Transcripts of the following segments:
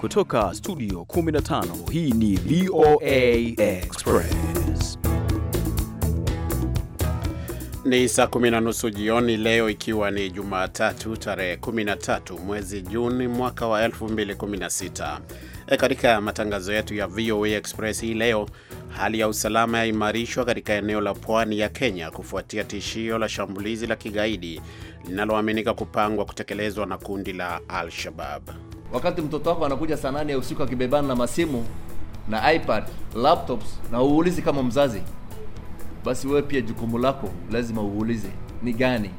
Kutoka studio 15 hii ni VOA Express. Ni saa kumi na nusu jioni leo, ikiwa ni Jumatatu tarehe 13 mwezi Juni mwaka wa 2016. E, katika matangazo yetu ya VOA Express hii leo, hali ya usalama yaimarishwa katika eneo la pwani ya Kenya kufuatia tishio la shambulizi la kigaidi linaloaminika kupangwa kutekelezwa na kundi la Al-Shabab wakati mtoto wako anakuja saa nane ya usiku akibebana na masimu na iPad, laptops na uulizi kama mzazi, basi wewe pia jukumu lako lazima uulize ni gani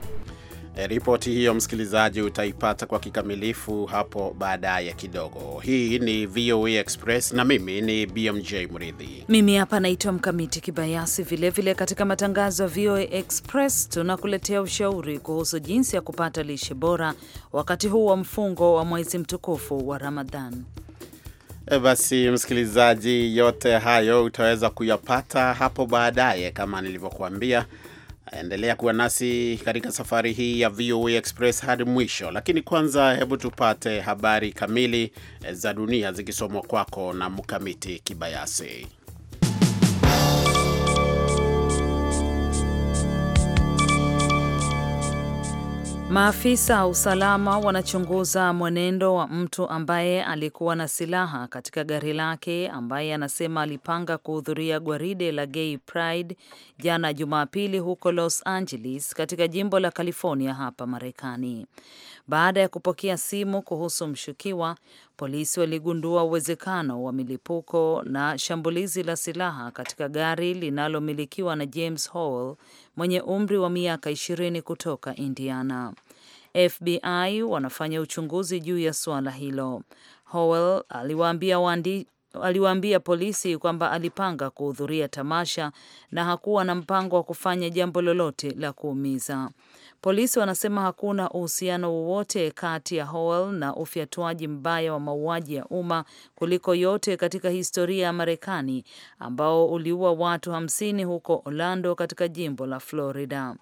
E, ripoti hiyo msikilizaji utaipata kwa kikamilifu hapo baadaye kidogo. Hii ni VOA Express na mimi ni BMJ Mridhi. Mimi hapa naitwa Mkamiti Kibayasi. Vilevile vile katika matangazo ya VOA Express tunakuletea ushauri kuhusu jinsi ya kupata lishe bora wakati huu wa mfungo wa mwezi mtukufu wa Ramadhan. E, basi msikilizaji, yote hayo utaweza kuyapata hapo baadaye kama nilivyokuambia Endelea kuwa nasi katika safari hii ya VOA Express hadi mwisho, lakini kwanza, hebu tupate habari kamili za dunia zikisomwa kwako na Mkamiti Kibayasi. Maafisa wa usalama wanachunguza mwenendo wa mtu ambaye alikuwa na silaha katika gari lake ambaye anasema alipanga kuhudhuria gwaride la Gay Pride jana Jumapili huko Los Angeles katika jimbo la California hapa Marekani. Baada ya kupokea simu kuhusu mshukiwa, polisi waligundua uwezekano wa milipuko na shambulizi la silaha katika gari linalomilikiwa na James Howell mwenye umri wa miaka ishirini kutoka Indiana. FBI wanafanya uchunguzi juu ya suala hilo. Howell aliwaambia waandishi aliwaambia polisi kwamba alipanga kuhudhuria tamasha na hakuwa na mpango wa kufanya jambo lolote la kuumiza. Polisi wanasema hakuna uhusiano wowote kati ya Howell na ufyatuaji mbaya wa mauaji ya umma kuliko yote katika historia ya Marekani ambao uliua watu hamsini huko Orlando katika jimbo la Florida.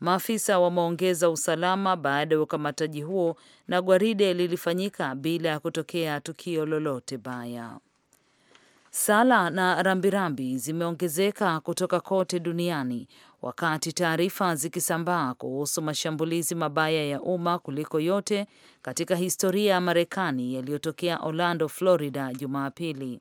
Maafisa wameongeza usalama baada ya ukamataji huo na gwaride lilifanyika bila ya kutokea tukio lolote baya. Sala na rambirambi zimeongezeka kutoka kote duniani wakati taarifa zikisambaa kuhusu mashambulizi mabaya ya umma kuliko yote katika historia ya Marekani yaliyotokea Orlando, Florida Jumapili.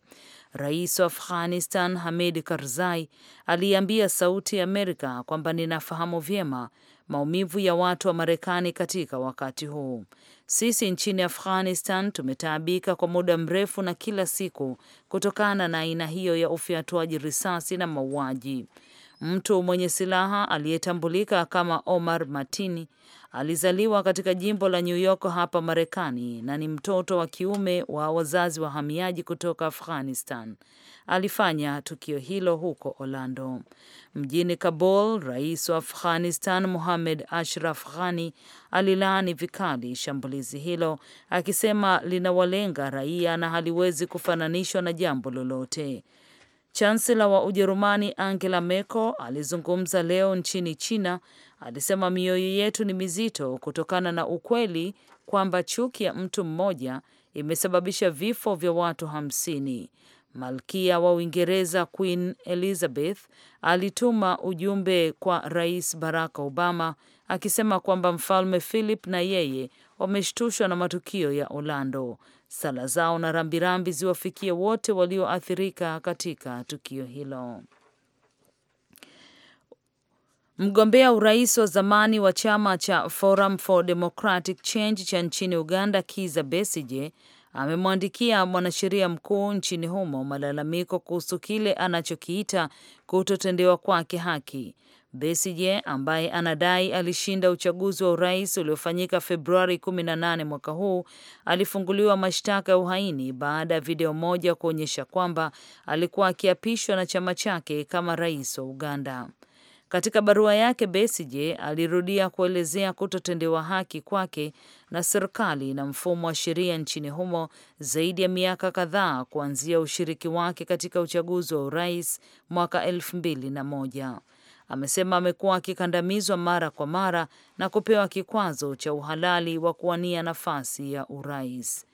Rais wa Afghanistan Hamid Karzai aliambia Sauti ya Amerika kwamba ninafahamu vyema maumivu ya watu wa Marekani katika wakati huu. Sisi nchini Afghanistan tumetaabika kwa muda mrefu na kila siku kutokana na aina hiyo ya ufyatuaji risasi na mauaji. Mtu mwenye silaha aliyetambulika kama Omar Matini alizaliwa katika jimbo la New York hapa Marekani na ni mtoto wa kiume wa wazazi wahamiaji kutoka Afghanistan. Alifanya tukio hilo huko Orlando. Mjini Kabul, rais wa Afghanistan Mohamed Ashraf Ghani alilaani vikali shambulizi hilo, akisema linawalenga raia na haliwezi kufananishwa na jambo lolote. Chansela wa Ujerumani Angela Merkel alizungumza leo nchini China. Alisema mioyo yetu ni mizito kutokana na ukweli kwamba chuki ya mtu mmoja imesababisha vifo vya watu hamsini. Malkia wa Uingereza Queen Elizabeth alituma ujumbe kwa Rais Barack Obama akisema kwamba Mfalme Philip na yeye wameshtushwa na matukio ya Orlando. Sala zao na rambirambi ziwafikie wote walioathirika katika tukio hilo. Mgombea urais wa zamani wa chama cha Forum for Democratic Change cha nchini Uganda, Kiza Besije amemwandikia mwanasheria mkuu nchini humo malalamiko kuhusu kile anachokiita kutotendewa kwake haki Besije ambaye anadai alishinda uchaguzi wa urais uliofanyika Februari 18 mwaka huu alifunguliwa mashtaka ya uhaini baada ya video moja kuonyesha kwamba alikuwa akiapishwa na chama chake kama rais wa Uganda. Katika barua yake Besije alirudia kuelezea kutotendewa haki kwake na serikali na mfumo wa sheria nchini humo zaidi ya miaka kadhaa kuanzia ushiriki wake katika uchaguzi wa urais mwaka elfu mbili na moja amesema amekuwa akikandamizwa mara kwa mara na kupewa kikwazo cha uhalali wa kuwania nafasi ya urais.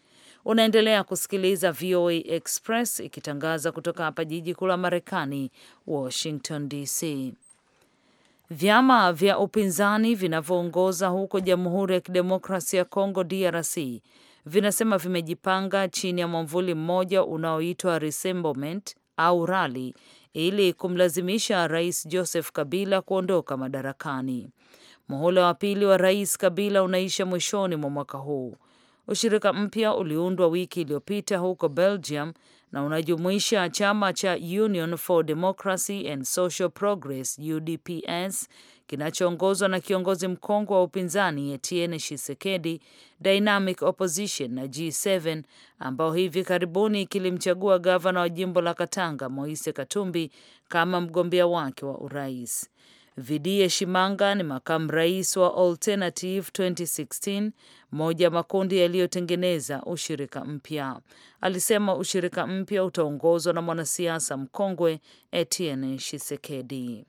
Unaendelea kusikiliza VOA Express ikitangaza kutoka hapa jiji kuu la Marekani, Washington DC. Vyama vya upinzani vinavyoongoza huko Jamhuri ya Kidemokrasia ya Kongo, DRC, vinasema vimejipanga chini ya mwamvuli mmoja unaoitwa Resemblement au Rali ili kumlazimisha Rais Joseph Kabila kuondoka madarakani. Muhula wa pili wa Rais Kabila unaisha mwishoni mwa mwaka huu. Ushirika mpya uliundwa wiki iliyopita huko Belgium na unajumuisha chama cha Union for Democracy and Social Progress UDPS kinachoongozwa na kiongozi mkongwe wa upinzani Etienne Tshisekedi, Dynamic Opposition na G7 ambao hivi karibuni kilimchagua gavana wa jimbo la Katanga Moise Katumbi kama mgombea wake wa urais. Vidie Shimanga ni makamu rais wa Alternative 2016, moja makundi yaliyotengeneza ushirika mpya. Alisema ushirika mpya utaongozwa na mwanasiasa mkongwe Etienne shisekedi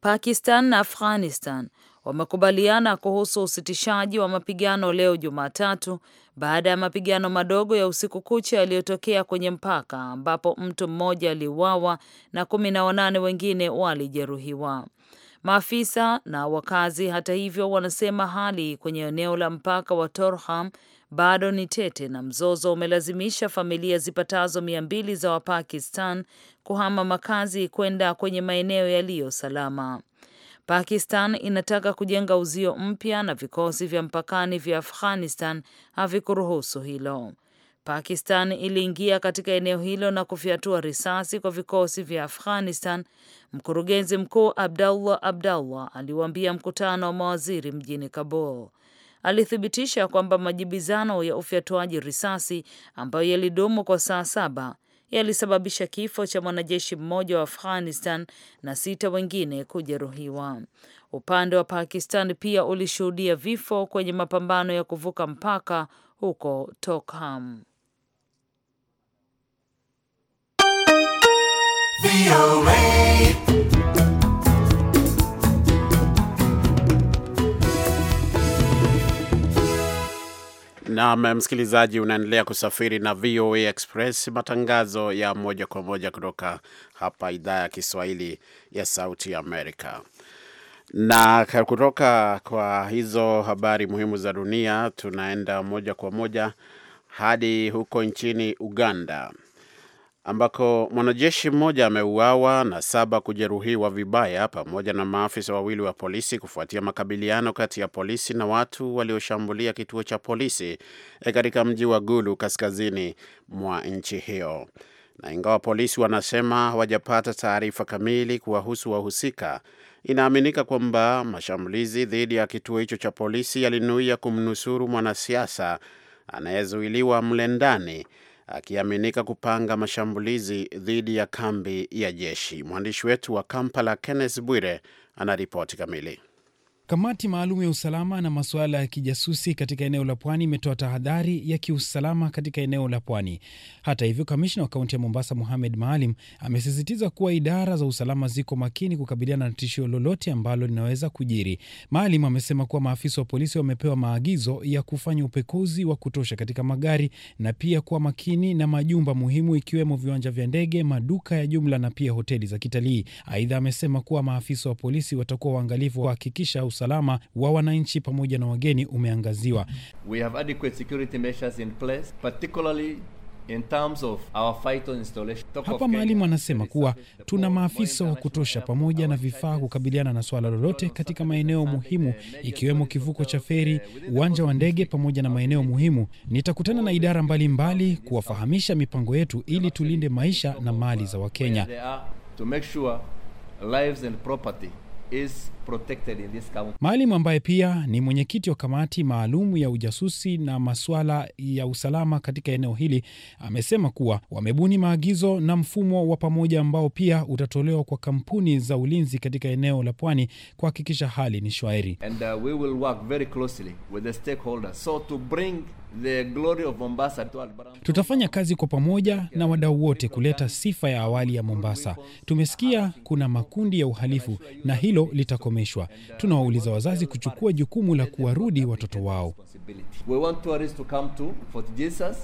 Pakistan na Afghanistan wamekubaliana kuhusu usitishaji wa mapigano leo Jumatatu baada ya mapigano madogo ya usiku kucha yaliyotokea kwenye mpaka ambapo mtu mmoja aliuawa na kumi na wanane wengine walijeruhiwa. Maafisa na wakazi hata hivyo wanasema hali kwenye eneo la mpaka wa Torham bado ni tete na mzozo umelazimisha familia zipatazo mia mbili za Wapakistan kuhama makazi kwenda kwenye maeneo yaliyo salama. Pakistan inataka kujenga uzio mpya na vikosi vya mpakani vya Afghanistan havikuruhusu hilo. Pakistan iliingia katika eneo hilo na kufyatua risasi kwa vikosi vya Afghanistan. Mkurugenzi mkuu Abdullah Abdullah aliwaambia mkutano wa mawaziri mjini Kabul alithibitisha kwamba majibizano ya ufyatuaji risasi ambayo yalidumu kwa saa saba yalisababisha kifo cha mwanajeshi mmoja wa Afghanistan na sita wengine kujeruhiwa. Upande wa Pakistan pia ulishuhudia vifo kwenye mapambano ya kuvuka mpaka huko Tokham. VOA Naam, msikilizaji, unaendelea kusafiri na VOA Express, matangazo ya moja kwa moja kutoka hapa idhaa ya Kiswahili ya Sauti Amerika. Na kutoka kwa hizo habari muhimu za dunia, tunaenda moja kwa moja hadi huko nchini Uganda ambako mwanajeshi mmoja ameuawa na saba kujeruhiwa vibaya pamoja na maafisa wawili wa polisi kufuatia makabiliano kati ya polisi na watu walioshambulia kituo cha polisi eh, katika mji wa Gulu kaskazini mwa nchi hiyo. Na ingawa polisi wanasema hawajapata taarifa kamili kuwahusu wahusika, inaaminika kwamba mashambulizi dhidi ya kituo hicho cha polisi yalinuia kumnusuru mwanasiasa anayezuiliwa mle ndani akiaminika kupanga mashambulizi dhidi ya kambi ya jeshi. Mwandishi wetu wa Kampala, Kenneth Bwire, ana ripoti kamili. Kamati maalum ya usalama na masuala ya kijasusi katika eneo la pwani imetoa tahadhari ya kiusalama katika eneo la pwani. Hata hivyo, kamishna wa kaunti ya Mombasa muhamed Maalim amesisitiza kuwa idara za usalama ziko makini kukabiliana na tishio lolote ambalo linaweza kujiri. Maalim amesema kuwa maafisa wa polisi wamepewa maagizo ya kufanya upekuzi wa kutosha katika magari na pia kuwa makini na majumba muhimu ikiwemo viwanja vya ndege, maduka ya jumla na pia hoteli za kitalii. Aidha, amesema kuwa maafisa wa polisi watakuwa waangalifu kuhakikisha usalama wa wananchi pamoja na wageni umeangaziwa. We have adequate security measures in place, particularly In terms of our hapa maalimu anasema kuwa tuna maafisa wa kutosha pamoja na vifaa kukabiliana na swala lolote katika maeneo muhimu ikiwemo kivuko cha feri, uwanja wa ndege pamoja na maeneo muhimu. Nitakutana na idara mbalimbali mbali kuwafahamisha mipango yetu ili tulinde maisha na mali za Wakenya is protected in this Maalim ambaye pia ni mwenyekiti wa kamati maalum ya ujasusi na masuala ya usalama katika eneo hili amesema kuwa wamebuni maagizo na mfumo wa pamoja ambao pia utatolewa kwa kampuni za ulinzi katika eneo la pwani kuhakikisha hali ni shwari. And, uh, we will work very closely with the stakeholders so to bring The glory of Mombasa. Tutafanya kazi kwa pamoja na wadau wote kuleta sifa ya awali ya Mombasa. Tumesikia kuna makundi ya uhalifu na hilo litakomeshwa. Tunawauliza wazazi kuchukua jukumu la kuwarudi watoto wao. We want tourists to come to Fort Jesus,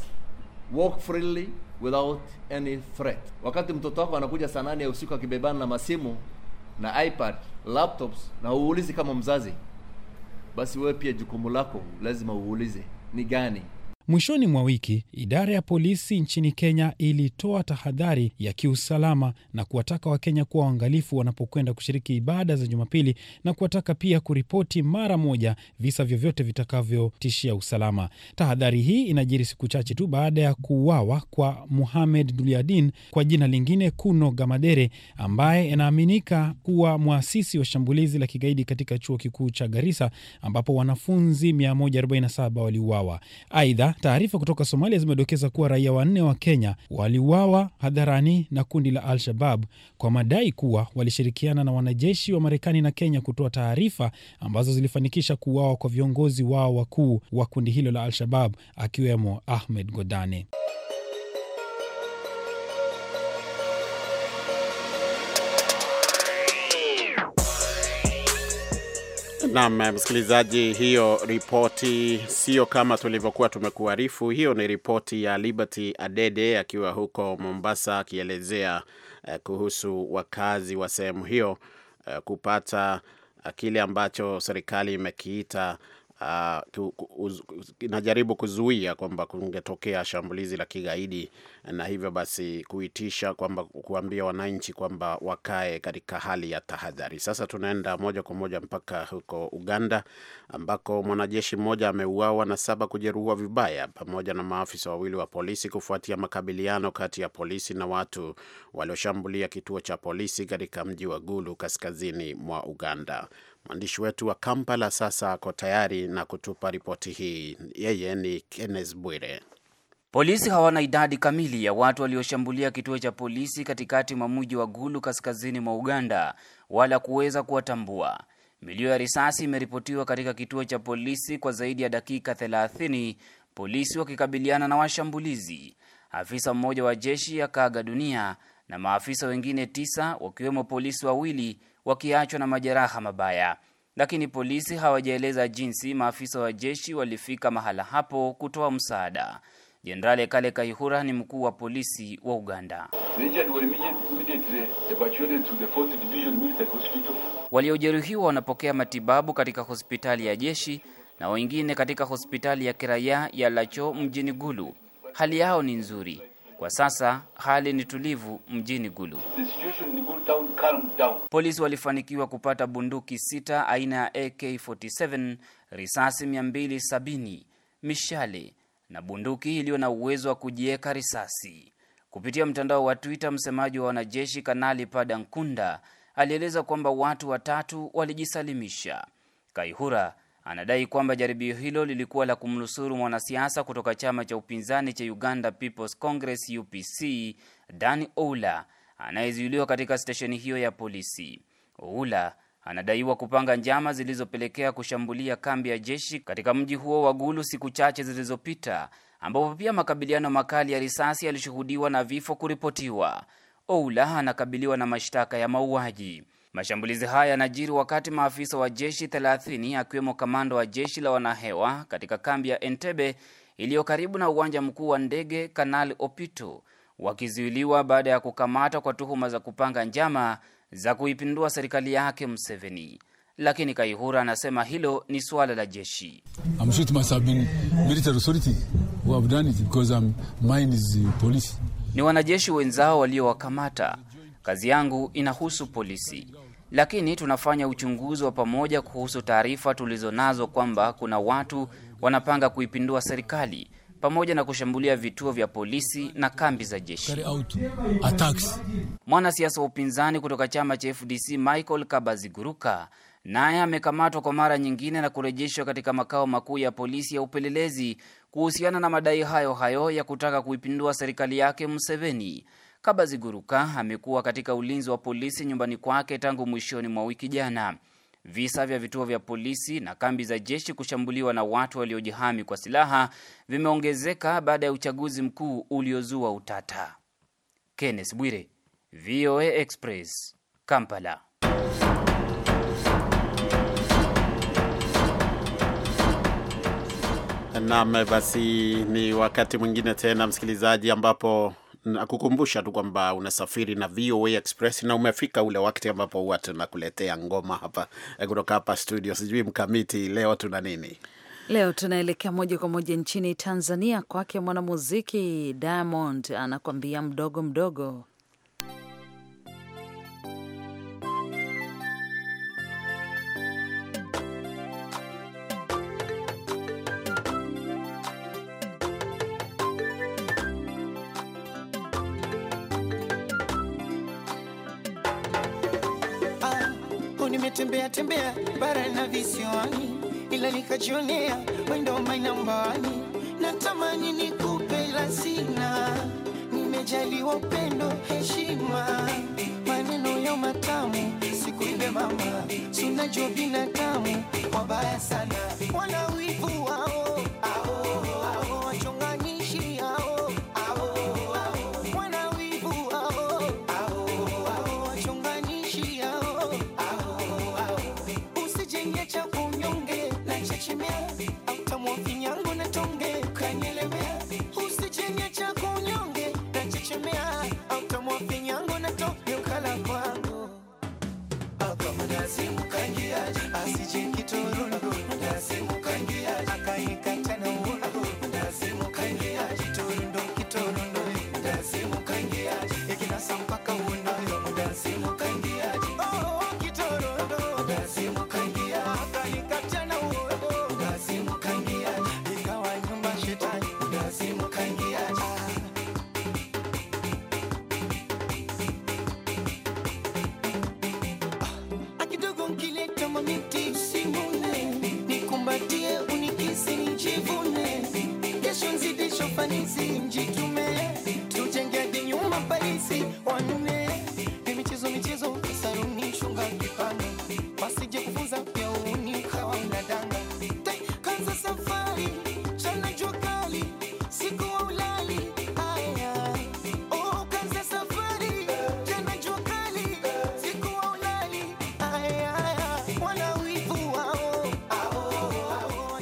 walk freely without any threat. Wakati mtoto wako anakuja saa nane ya usiku akibebana na masimu na iPad, laptops na uulizi kama mzazi, basi wewe pia jukumu lako lazima uulize ni gani Mwishoni mwa wiki, idara ya polisi nchini Kenya ilitoa tahadhari ya kiusalama na kuwataka Wakenya kuwa waangalifu wanapokwenda kushiriki ibada za Jumapili na kuwataka pia kuripoti mara moja visa vyovyote vitakavyotishia usalama. Tahadhari hii inajiri siku chache tu baada ya kuuawa kwa muhamed Duliadin kwa jina lingine Kuno Gamadere, ambaye inaaminika kuwa mwasisi wa shambulizi la kigaidi katika chuo kikuu cha Garissa ambapo wanafunzi 147 waliuawa. Aidha, taarifa kutoka Somalia zimedokeza kuwa raia wanne wa Kenya waliuawa hadharani na kundi la Al-Shabab kwa madai kuwa walishirikiana na wanajeshi wa Marekani na Kenya kutoa taarifa ambazo zilifanikisha kuuawa kwa viongozi wao wakuu wa kundi hilo la Al-Shabab akiwemo Ahmed Godane. Naam, msikilizaji, hiyo ripoti sio kama tulivyokuwa tumekuarifu. Hiyo ni ripoti ya Liberty Adede akiwa huko Mombasa, akielezea eh, kuhusu wakazi wa sehemu hiyo eh, kupata eh, kile ambacho serikali imekiita inajaribu ah, uh, kuzuia kwamba kungetokea shambulizi la kigaidi, na hivyo basi kuitisha kwamba kuambia wananchi kwamba wakae katika hali ya tahadhari. Sasa tunaenda moja kwa moja mpaka huko Uganda ambako mwanajeshi mmoja ameuawa na saba kujeruhiwa vibaya pamoja na maafisa wawili wa polisi kufuatia makabiliano kati ya polisi na watu walioshambulia kituo cha polisi katika mji wa Gulu kaskazini mwa Uganda. Mwandishi wetu wa Kampala sasa ako tayari na kutupa ripoti hii. Yeye ni Kenneth Bwire. Polisi hawana idadi kamili ya watu walioshambulia kituo cha polisi katikati mwa mji wa Gulu kaskazini mwa Uganda wala kuweza kuwatambua. Milio ya risasi imeripotiwa katika kituo cha polisi kwa zaidi ya dakika 30, polisi wakikabiliana na washambulizi. Afisa mmoja wa jeshi akaaga dunia na maafisa wengine tisa wakiwemo polisi wawili wakiachwa na majeraha mabaya, lakini polisi hawajaeleza jinsi maafisa wa jeshi walifika mahala hapo kutoa msaada. Jenerali Kale Kaihura ni mkuu wa polisi wa Uganda. Waliojeruhiwa wanapokea matibabu katika hospitali ya jeshi na wengine katika hospitali ya kiraia ya Lacho mjini Gulu. Hali yao ni nzuri. Kwa sasa hali ni tulivu mjini Gulu. Polisi walifanikiwa kupata bunduki sita aina ya AK47, risasi 270, mishale na bunduki iliyo na uwezo wa kujieka risasi. Kupitia mtandao wa Twitter, msemaji wa wanajeshi Kanali padankunda alieleza kwamba watu watatu walijisalimisha. Kaihura anadai kwamba jaribio hilo lilikuwa la kumnusuru mwanasiasa kutoka chama cha upinzani cha Uganda People's Congress UPC, Dan Oula anayezuiliwa katika stesheni hiyo ya polisi. Oula anadaiwa kupanga njama zilizopelekea kushambulia kambi ya jeshi katika mji huo wa Gulu siku chache zilizopita, ambapo pia makabiliano makali ya risasi yalishuhudiwa na vifo kuripotiwa. Oula anakabiliwa na mashtaka ya mauaji. Mashambulizi haya yanajiri wakati maafisa wa jeshi 30 akiwemo kamanda wa jeshi la wanahewa katika kambi ya Entebbe iliyo karibu na uwanja mkuu wa ndege Kanali Opito wakizuiliwa baada ya kukamata kwa tuhuma za kupanga njama za kuipindua serikali yake Museveni. Lakini Kaihura anasema hilo ni suala la jeshi. Ni wanajeshi wenzao waliowakamata. Kazi yangu inahusu polisi lakini tunafanya uchunguzi wa pamoja kuhusu taarifa tulizonazo kwamba kuna watu wanapanga kuipindua serikali pamoja na kushambulia vituo vya polisi na kambi za jeshi. Mwanasiasa wa upinzani kutoka chama cha FDC Michael Kabaziguruka naye amekamatwa kwa mara nyingine na kurejeshwa katika makao makuu ya polisi ya upelelezi kuhusiana na madai hayo hayo ya kutaka kuipindua serikali yake Museveni. Kabaziguruka amekuwa katika ulinzi wa polisi nyumbani kwake tangu mwishoni mwa wiki jana. Visa vya vituo vya polisi na kambi za jeshi kushambuliwa na watu waliojihami kwa silaha vimeongezeka baada ya uchaguzi mkuu uliozua utata. Kenneth Bwire, VOA Express, Kampala. Nam, basi ni wakati mwingine tena msikilizaji, ambapo nakukumbusha tu kwamba unasafiri na VOA Express na umefika ule wakati ambapo huwa tunakuletea ngoma hapa eh, kutoka hapa studio. Sijui mkamiti, leo tuna nini? Leo tunaelekea moja kwa moja nchini Tanzania, kwake mwanamuziki Diamond anakwambia mdogo mdogo. tembea tembea bara na visiwani, ila nikajionea wendo na natamani nikupe la sina, nimejaliwa upendo heshima, maneno ya matamu sikunde mama, sunajua binadamu wabaya sana, wana wivu wao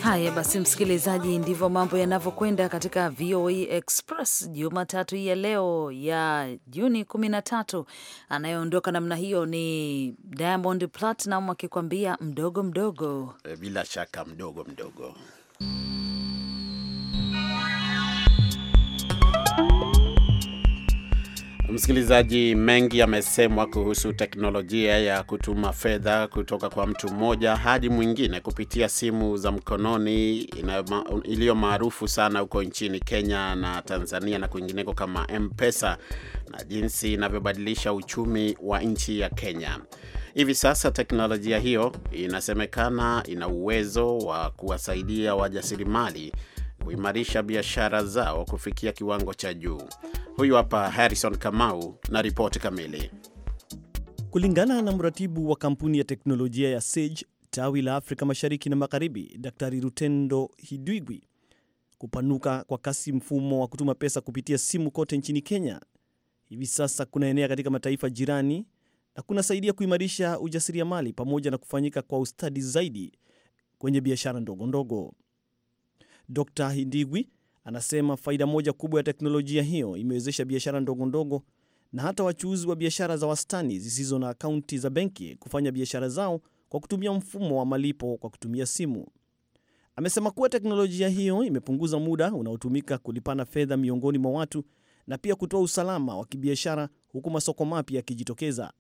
Haya basi, msikilizaji, ndivyo mambo yanavyokwenda katika VOA Express Jumatatu hii ya leo ya Juni 13 anayoondoka Anayeondoka namna hiyo ni Diamond Platinum akikwambia mdogo mdogo, eh, bila shaka mdogo mdogo. Msikilizaji, mengi yamesemwa kuhusu teknolojia ya kutuma fedha kutoka kwa mtu mmoja hadi mwingine kupitia simu za mkononi iliyo maarufu sana huko nchini Kenya na Tanzania na kwingineko kama M-Pesa na jinsi inavyobadilisha uchumi wa nchi ya Kenya. Hivi sasa teknolojia hiyo inasemekana ina uwezo wa kuwasaidia wajasiriamali kuimarisha biashara zao kufikia kiwango cha juu. Huyu hapa Harrison Kamau na ripoti kamili. Kulingana na mratibu wa kampuni ya teknolojia ya Sage tawi la Afrika Mashariki na Magharibi, Daktari Rutendo Hidwigwi, kupanuka kwa kasi mfumo wa kutuma pesa kupitia simu kote nchini Kenya hivi sasa kunaenea katika mataifa jirani na kunasaidia kuimarisha ujasiriamali pamoja na kufanyika kwa ustadi zaidi kwenye biashara ndogo ndogo. Dr hindigwi anasema faida moja kubwa ya teknolojia hiyo imewezesha biashara ndogo ndogo na hata wachuuzi wa biashara za wastani zisizo na akaunti za benki kufanya biashara zao kwa kutumia mfumo wa malipo kwa kutumia simu. Amesema kuwa teknolojia hiyo imepunguza muda unaotumika kulipana fedha miongoni mwa watu na pia kutoa usalama wa kibiashara huku masoko mapya yakijitokeza.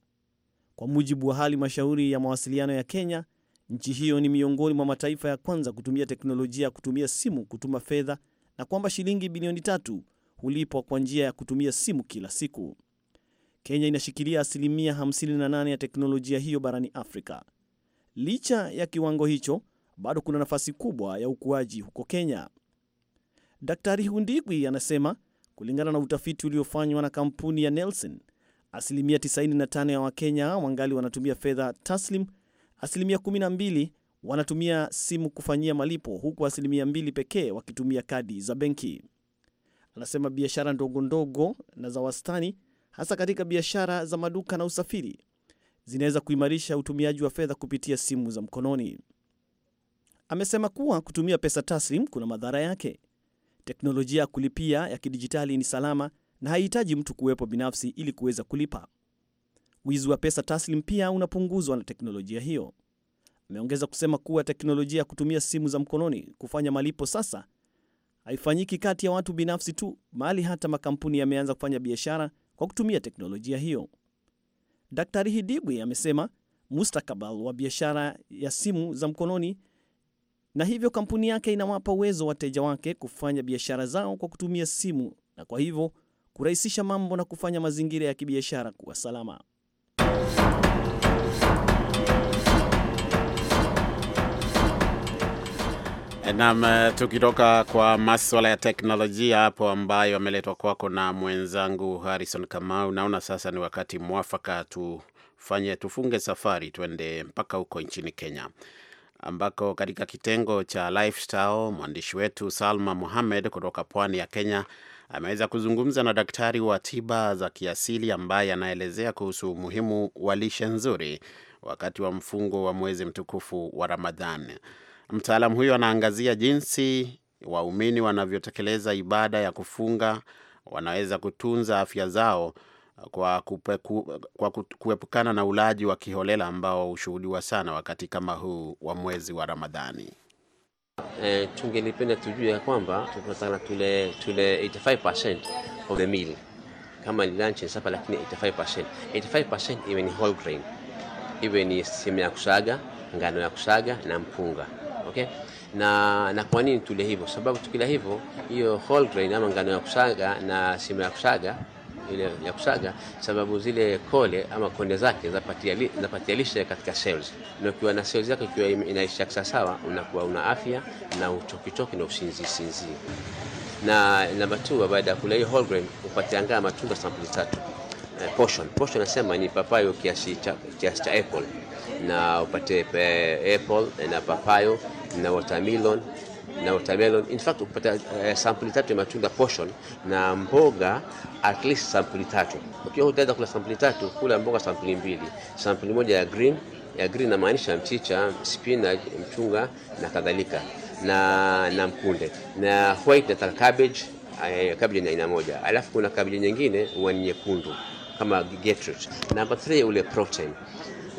Kwa mujibu wa hali mashauri ya mawasiliano ya Kenya, Nchi hiyo ni miongoni mwa mataifa ya kwanza kutumia teknolojia ya kutumia simu kutuma fedha na kwamba shilingi bilioni tatu hulipwa kwa njia ya kutumia simu kila siku. Kenya inashikilia asilimia 58 ya teknolojia hiyo barani Afrika. Licha ya kiwango hicho, bado kuna nafasi kubwa ya ukuaji huko Kenya. Daktari Hundigwi anasema kulingana na utafiti uliofanywa na kampuni ya Nelson, asilimia 95 ya Wakenya wangali wanatumia fedha taslim Asilimia 12 wanatumia simu kufanyia malipo huku asilimia mbili pekee wakitumia kadi za benki. Anasema biashara ndogo ndogo na za wastani, hasa katika biashara za maduka na usafiri, zinaweza kuimarisha utumiaji wa fedha kupitia simu za mkononi. Amesema kuwa kutumia pesa taslim kuna madhara yake. Teknolojia ya kulipia ya kidijitali ni salama na haihitaji mtu kuwepo binafsi ili kuweza kulipa. Wizi wa pesa taslim pia unapunguzwa na teknolojia hiyo. Ameongeza kusema kuwa teknolojia ya kutumia simu za mkononi kufanya malipo sasa haifanyiki kati ya watu binafsi tu, bali hata makampuni yameanza kufanya biashara kwa kutumia teknolojia hiyo. Daktari Hidibwi amesema mustakabali wa biashara ya simu za mkononi na hivyo kampuni yake inawapa uwezo wateja wake kufanya biashara zao kwa kutumia simu na kwa hivyo kurahisisha mambo na kufanya mazingira ya kibiashara kuwa salama. Nam, eh, tukitoka kwa maswala ya teknolojia hapo ambayo ameletwa kwako na mwenzangu Harrison Kamau, naona sasa ni wakati mwafaka tufanye tufunge safari tuende mpaka huko nchini Kenya, ambako katika kitengo cha lifestyle mwandishi wetu Salma Muhamed kutoka pwani ya Kenya ameweza kuzungumza na daktari wa tiba za kiasili ambaye anaelezea kuhusu umuhimu wa lishe nzuri wakati wa mfungo wa mwezi mtukufu wa Ramadhani. Mtaalamu huyo anaangazia jinsi waumini wanavyotekeleza ibada ya kufunga wanaweza kutunza afya zao kwa, kupeku, kwa kuepukana na ulaji wa kiholela ambao hushuhudiwa sana wakati kama huu wa mwezi wa Ramadhani. E, tungelipenda tujue ya kwamba tunataka tule tule 85% of the meal kama ni lunch sasa, lakini 85% 85% iwe ni whole grain, iwe ni sima ya kusaga, ngano ya kusaga na mpunga okay. Na, na kwa nini tule hivyo? Sababu tukila hivyo hiyo whole grain ama ngano ya kusaga na sehemu ya kusaga ile ya kusaga, sababu zile kole ama konde zake zapatia lishe katika cells, na ukiwa na cells yako ikiwa inaisha sawa, unakuwa una afya na uchokichoki na usinzi sinzi. Na namba 2 baada ya kula hiyo whole grain upate angaa matunda sampuli tatu eh, portion portion nasema ni papayo kiasi cha kiasi cha apple na upate eh, apple eh, na papayo na watermelon na watermelon. In fact ukipata uh, sampuli tatu ya matunda portion na mboga at least sampuli tatu. Ukiwa utaenda kula sampuli tatu, kula mboga sampuli mbili, sampuli moja ya green ya green namaanisha mchicha, spinach, mchunga na kadhalika na, na mkunde na white na cabbage uh, cabbage ni aina moja, alafu kuna cabbage nyingine huwa ni nyekundu kama Beetroot. Namba 3 ule protein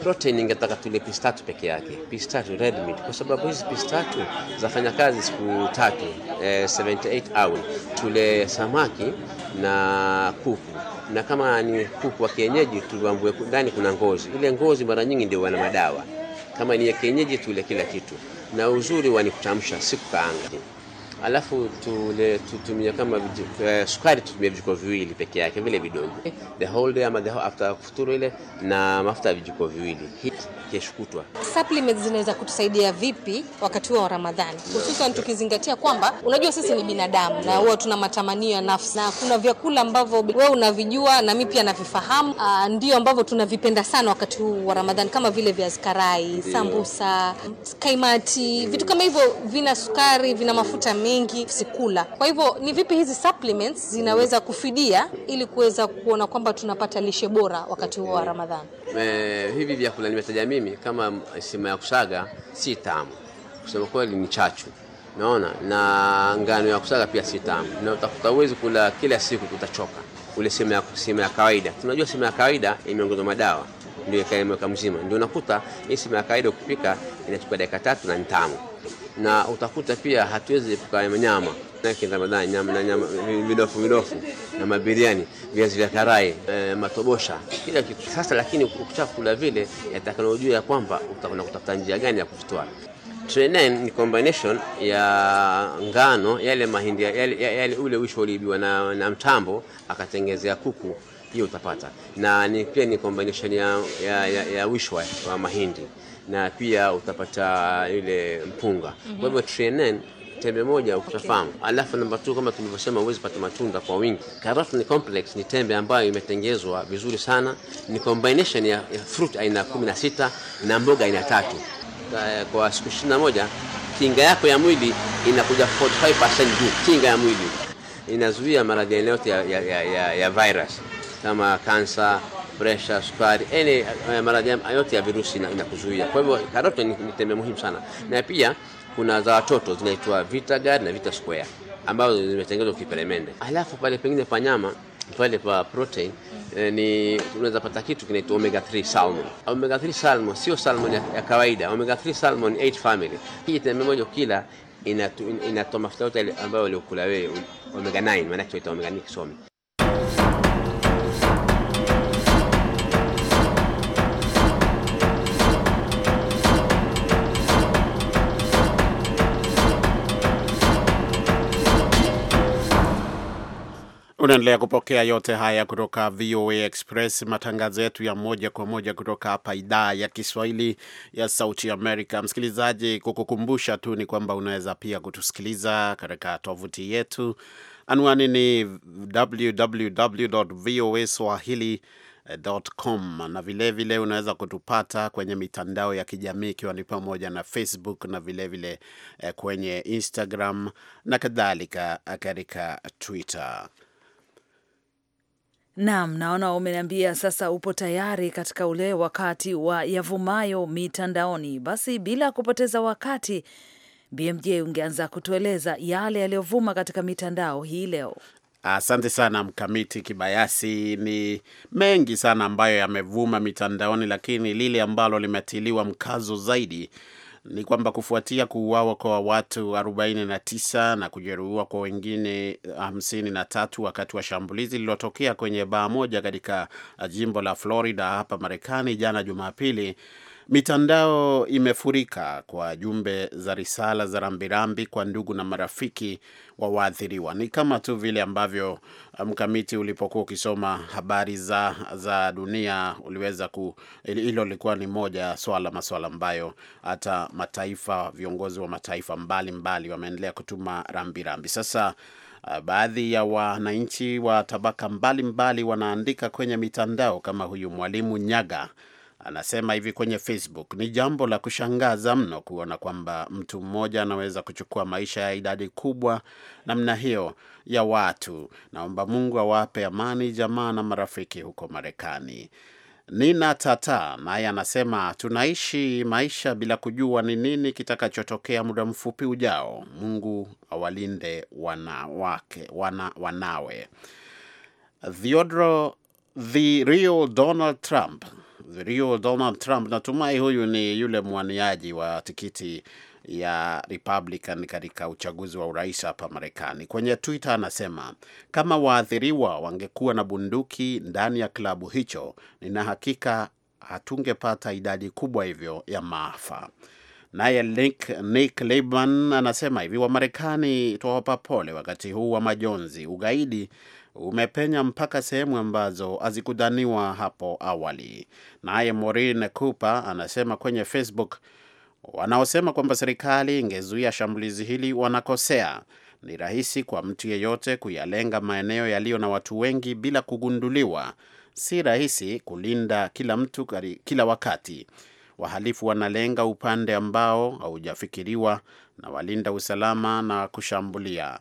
protein ingetaka tule pistatu peke yake, piece red meat, kwa sababu hizi pistatu zafanya kazi siku tatu eh, 78 hours. Tule samaki na kuku, na kama ni kuku wa kienyeji tuambue ndani kuna ngozi. Ile ngozi mara nyingi ndio wana madawa. Kama ni ya kienyeji tule kila kitu, na uzuri wa ni kutamsha, alafu tule tutumie kama uh, sukari tutumie vijiko viwili peke yake vile vidogo the whole day ama the whole after kufuturu ile na mafuta ya vijiko viwili kesho kutwa. Supplements zinaweza kutusaidia vipi wakati wa Ramadhani, hususan tukizingatia kwamba unajua sisi ni binadamu na huwa tuna matamanio ya nafsi, na kuna vyakula ambavyo wewe unavijua na mimi pia navifahamu, ah, ndio ambavyo tunavipenda sana wakati huu wa Ramadhani, kama vile viazi karai, sambusa, kaimati, vitu kama hivyo vina sukari, vina mafuta mengi mingi sikula. Kwa hivyo ni vipi hizi supplements zinaweza kufidia ili kuweza kuona kwamba tunapata lishe bora wakati huo wa Ramadhani? E, hivi vyakula nimetaja mimi kama sima ya kusaga si tamu, kusema kweli ni chachu naona na ngano ya kusaga pia si tamu, na utakuta uwezi kula kila siku, utachoka. Ule sima ya, sima ya kawaida, tunajua sima ya kawaida imeongezwa madawa ndio ikaweka mzima, ndio unakuta hii sima ya kawaida ukipika inachukua dakika tatu na ni tamu na utakuta pia hatuwezi epuka nyama Ramadhani, nyama nyama, midofu midofu na mabiriani, viazi vya karai, e, matobosha, kila kitu sasa. Lakini ukishakula vile, yatakalojua ya kwamba utakwenda kutafuta njia gani ya kuvitoa. Ni combination ya ngano, yale mahindi yale, yale ule wisho uliibiwa na, na mtambo akatengezea kuku hiyo utapata, na ni pia ni combination ya, ya, ya, ya wishwa wa mahindi na pia utapata ile mpunga mhm. Kwa hivyo TNN tembe moja ukifahamu, Okay. Alafu namba 2 kama tulivyosema, uwezi pata matunda kwa wingi. Karafu ni complex, ni tembe ambayo imetengezwa vizuri sana, ni combination ya, ya fruit aina sita na mboga aina tatu. Kwa siku 21 kinga yako ya mwili inakuja 45% juu. Kinga ya mwili inazuia maradhi yote ya, ya, ya, ya virus kama kansa, presha, sukari, yani eh, maradhi yote ya virusi inakuzuia. Kwa hivyo karoti ni, ni tembe muhimu sana, na pia kuna za watoto zinaitwa Vitaguard na Vita Square ambazo zimetengenezwa kiperemende. Alafu pale pengine pa nyama pale pa protein eh, ni unaweza pata kitu kinaitwa omega 3 salmon. Omega 3 salmon sio salmon ya, ya kawaida. Omega 3 salmon 8 family. Hii tembe moja kila inatoa ina mafuta yote ambayo uliokula wewe omega 9, maana kitu omega 9 kisomi. Unaendelea kupokea yote haya kutoka VOA Express, matangazo yetu ya moja kwa moja kutoka hapa idhaa ya Kiswahili ya Sauti Amerika. Msikilizaji, kukukumbusha tu ni kwamba unaweza pia kutusikiliza katika tovuti yetu, anwani ni www voa com na vilevile vile unaweza kutupata kwenye mitandao ya kijamii ikiwa ni pamoja na Facebook na vilevile vile eh, kwenye Instagram na kadhalika eh, katika Twitter. Naam, naona umeniambia sasa upo tayari katika ule wakati wa yavumayo mitandaoni. Basi bila kupoteza wakati, BMJ ungeanza kutueleza yale yaliyovuma katika mitandao hii leo. Asante sana Mkamiti Kibayasi. Ni mengi sana ambayo yamevuma mitandaoni, lakini lile ambalo limetiliwa mkazo zaidi ni kwamba kufuatia kuuawa kwa watu 49 na kujeruhiwa kwa wengine 53 wakati wa shambulizi lililotokea kwenye baa moja katika jimbo la Florida hapa Marekani jana Jumapili Mitandao imefurika kwa jumbe za risala za rambirambi kwa ndugu na marafiki wa waathiriwa. Ni kama tu vile ambavyo uh, mkamiti, ulipokuwa ukisoma habari za, za dunia uliweza ku, hilo lilikuwa ni moja swala maswala ambayo hata mataifa, viongozi wa mataifa mbalimbali wameendelea kutuma rambirambi rambi. Sasa uh, baadhi ya wananchi wa tabaka mbalimbali mbali wanaandika kwenye mitandao kama huyu mwalimu Nyaga Anasema hivi kwenye Facebook, ni jambo la kushangaza mno kuona kwamba mtu mmoja anaweza kuchukua maisha ya idadi kubwa namna hiyo ya watu. Naomba Mungu awape amani jamaa na marafiki huko Marekani. Nina Tata naye anasema tunaishi maisha bila kujua ni nini kitakachotokea muda mfupi ujao. Mungu awalinde wanawake, wana, wanawe. Theodro the real Donald Trump kuhudhurio Donald Trump. Natumai huyu ni yule mwaniaji wa tikiti ya Republican katika uchaguzi wa urais hapa Marekani. Kwenye Twitter anasema kama waathiriwa wangekuwa na bunduki ndani ya klabu hicho, nina hakika hatungepata idadi kubwa hivyo ya maafa. Naye Nick, Nick Lieberman anasema hivi, Wamarekani tuwapa pole wakati huu wa majonzi. Ugaidi umepenya mpaka sehemu ambazo hazikudhaniwa hapo awali. Naye Maureen Cooper anasema kwenye Facebook, wanaosema kwamba serikali ingezuia shambulizi hili wanakosea. Ni rahisi kwa mtu yeyote kuyalenga maeneo yaliyo na watu wengi bila kugunduliwa. Si rahisi kulinda kila mtu kila wakati. Wahalifu wanalenga upande ambao haujafikiriwa na walinda usalama na kushambulia.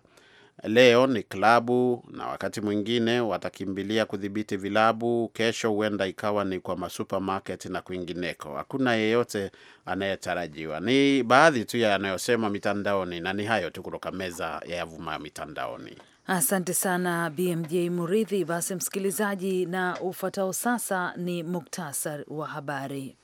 Leo ni klabu na wakati mwingine watakimbilia kudhibiti vilabu. Kesho huenda ikawa ni kwa masupermarket na kwingineko. Hakuna yeyote anayetarajiwa. Ni baadhi tu ya yanayosema mitandaoni, na ni hayo tu kutoka meza ya yavuma mitandaoni. Asante sana BMJ Muridhi. Basi msikilizaji, na ufuatao sasa ni muktasar wa habari.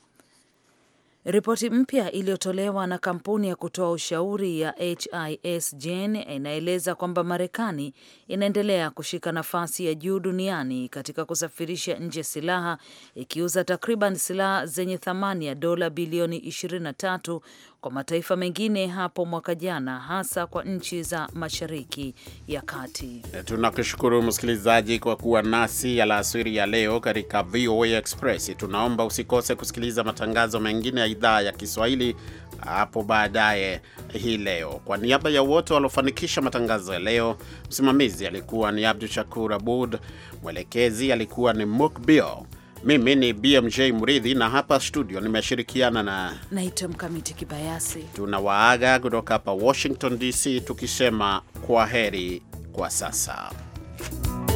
Ripoti mpya iliyotolewa na kampuni ya kutoa ushauri ya HIS inaeleza kwamba Marekani inaendelea kushika nafasi ya juu duniani katika kusafirisha nje silaha ikiuza takriban silaha zenye thamani ya dola bilioni 23 kwa mataifa mengine hapo mwaka jana, hasa kwa nchi za mashariki ya kati. Tunakushukuru msikilizaji kwa kuwa nasi alasiri ya leo katika VOA Express. Tunaomba usikose kusikiliza matangazo mengine ya idhaa ya Kiswahili hapo baadaye hii leo. Kwa niaba ya wote waliofanikisha matangazo ya leo, msimamizi alikuwa ni Abdu Shakur Abud, mwelekezi alikuwa ni Mukbio mimi ni BMJ Mridhi na hapa studio nimeshirikiana na naitwa Mkamiti Kibayasi. Tunawaaga kutoka hapa Washington DC tukisema kwa heri kwa sasa.